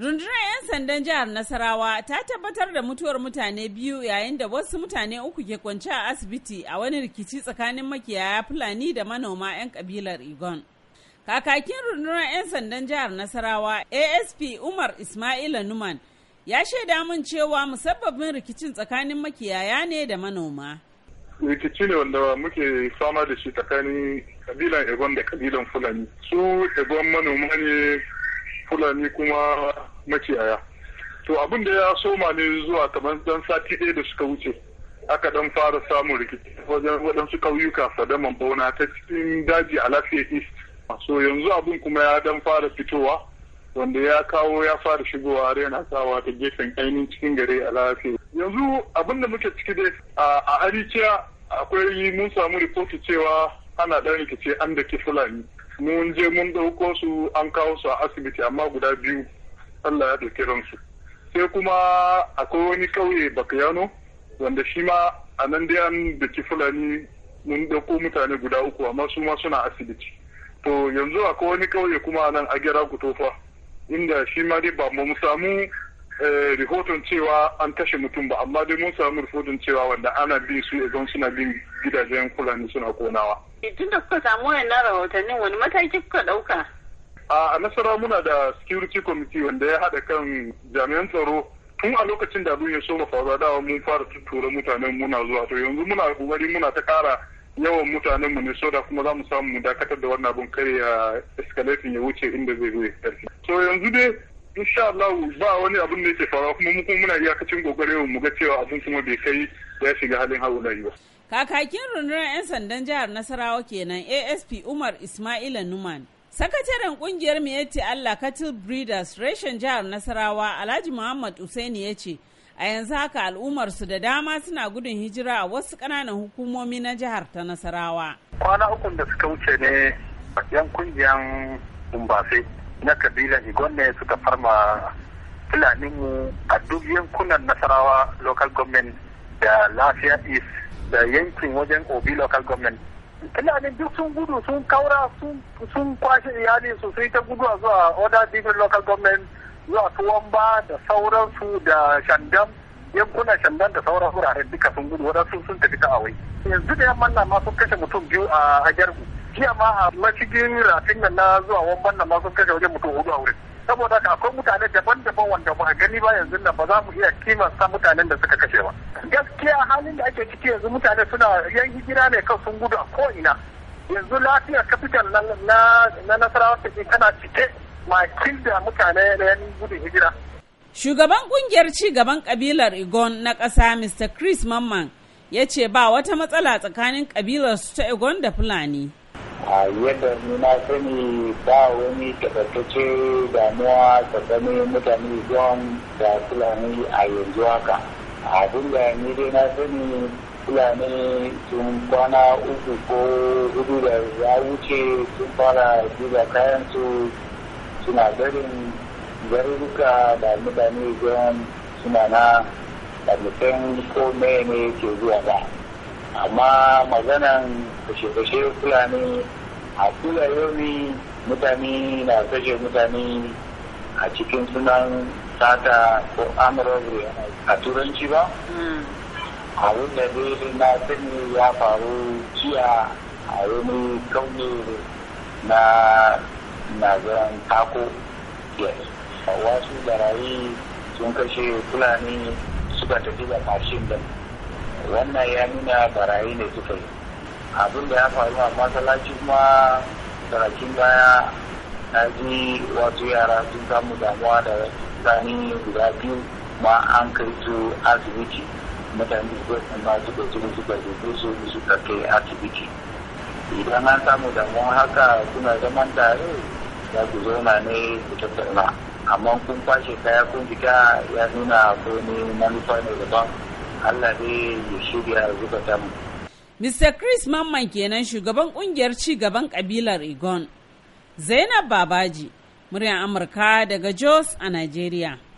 Rundunar 'yan sandan jihar Nasarawa ta tabbatar da mutuwar mutane biyu yayin da wasu mutane uku ke kwance a asibiti a wani rikici tsakanin makiyaya Fulani da manoma 'yan kabilar Igon. Kakakin rundunar 'yan sandan jihar Nasarawa ASP Umar Ismaila Numan ya shaida mun cewa musabbabin rikicin tsakanin makiyaya ne da manoma. rikici ne wanda muke fama da shi tsakanin kabilan Egon da kabilan Fulani. Su Egon manoma ne Fulani kuma maciyaya to abin da ya soma ne zuwa kamar dan sati ɗaya da suka wuce aka dan fara samun rikici wajen waɗansu ƙauyuka fadaman bauna ta cikin daji a lafiya east so yanzu abin kuma ya dan fara fitowa wanda ya kawo ya fara shigowa arena sawa ta gefen ainihin cikin gare a lafiya yanzu abin da muke ciki dai a arikiya akwai mun samu rikoti cewa ana ɗan rikici an da ke fulani mun je mun ɗauko su an kawo su a asibiti amma guda biyu Allah ya ɗauki ransu sai kuma akwai wani ƙauye bakayano wanda shi ma a nan dai an biki fulani mun ɗauko mutane guda uku amma su ma suna asibiti to yanzu akwai wani ƙauye kuma a nan ku tofa inda shi ma dai ba mu samu eh, rahoton cewa an kashe mutum ba amma dai mun samu rahoton cewa wanda ana bin su idan suna bin gidajen fulani suna konawa. tun da kuka samu wannan rahotannin wani mataki kuka ɗauka? a nasara muna da security committee wanda ya haɗa kan jami'an tsaro tun a lokacin da abin ya so faruwa dawa mun fara tuttura mutanen muna zuwa to yanzu muna kokari muna ta kara yawan mutanen mu ne so da kuma za mu samu mu dakatar da wannan abin kare ya escalating ya wuce inda zai zo karfi to yanzu dai insha Allah ba wani abin da yake faruwa kuma mu kuma muna iyakacin kokarin mu ga cewa abun kuma bai kai ya shiga halin haulayi ba kakakin rundunar 'yan sandan jihar nasarawa kenan asp umar ismaila numan Sakataren kungiyar Miyetti Allah Cattle Breeders reshen jihar Nasarawa Alhaji Muhammad Usaini ya ce a yanzu haka al'ummarsu da dama suna gudun hijira a wasu ƙananan hukumomi na jihar ta Nasarawa. Kwana uku da suka wuce ne yan kungiyan Dumbafe na kabilan Igonne suka farma Fulaninmu a duk yankunan Nasarawa local government da Lafiya East da yankin wajen Obi local government ne duk sun gudu sun kaura sun kwashe iyali su sai ta gudu zuwa order different local government zuwa Tuwamba da sauransu da Shandam yankunan Shandam da sauran wuraren duka sun gudu wadansu sun tafi ta awai. Yanzu da yamman na masu kashe mutum biyu a hajar jiya ma a mashigin rafin nan na zuwa wamban nan ma sun kashe wajen mutum hudu a wurin saboda haka akwai mutane daban-daban wanda ba a gani ba yanzu nan ba za mu iya kimanta mutanen da suka kashe ba gaskiya halin da ake ciki yanzu mutane suna yan hijira ne kan sun gudu a ko'ina yanzu lafiyar kafitan na nasarawa ke tana cike makil da mutane na yan gudun hijira Shugaban kungiyar ci gaban kabilar Igon na ƙasa Mr. Chris Mamman ya ce ba wata matsala tsakanin kabilar su ta Igon da Fulani. a yadda na sani ba wani tabbatacce damuwa tsakanin mutane don da fulani a yanzu haka abin da ni dai na sani fulani sun kwana uku ko hudu da ya wuce sun fara duba kayan su suna garin garuruka da mutane don suna na da ko ne ke zuwa ba amma maganan kashe-kashe fulani a kula yomi mutane na kashe mutane a cikin sunan sata ko amurabri a turanci ba abin da dai na sani ya faru jiya a yomi kauye na nazaran tako wasu barayi sun kashe fulani suka tafi da mashin da wannan ya nuna barayi ne suka yi abin da ya faru a masallaci kuma sarakin baya na ji wasu yara sun samu damuwa da tsani guda biyu ma an kai su asibiti mutane ma suka zuru suka dubu su suka kai asibiti idan an samu damuwa haka suna zaman tare za ku zauna ne ku tattauna amma kun kwashe kaya kun jika ya nuna ko ne manufa ne daban Allah ne ya shirya ta mu. Mr. Chris Mamman kenan shugaban kungiyar ci gaban kabilar Igon. Zainab Babaji, muryar Amurka daga Jos a Najeriya.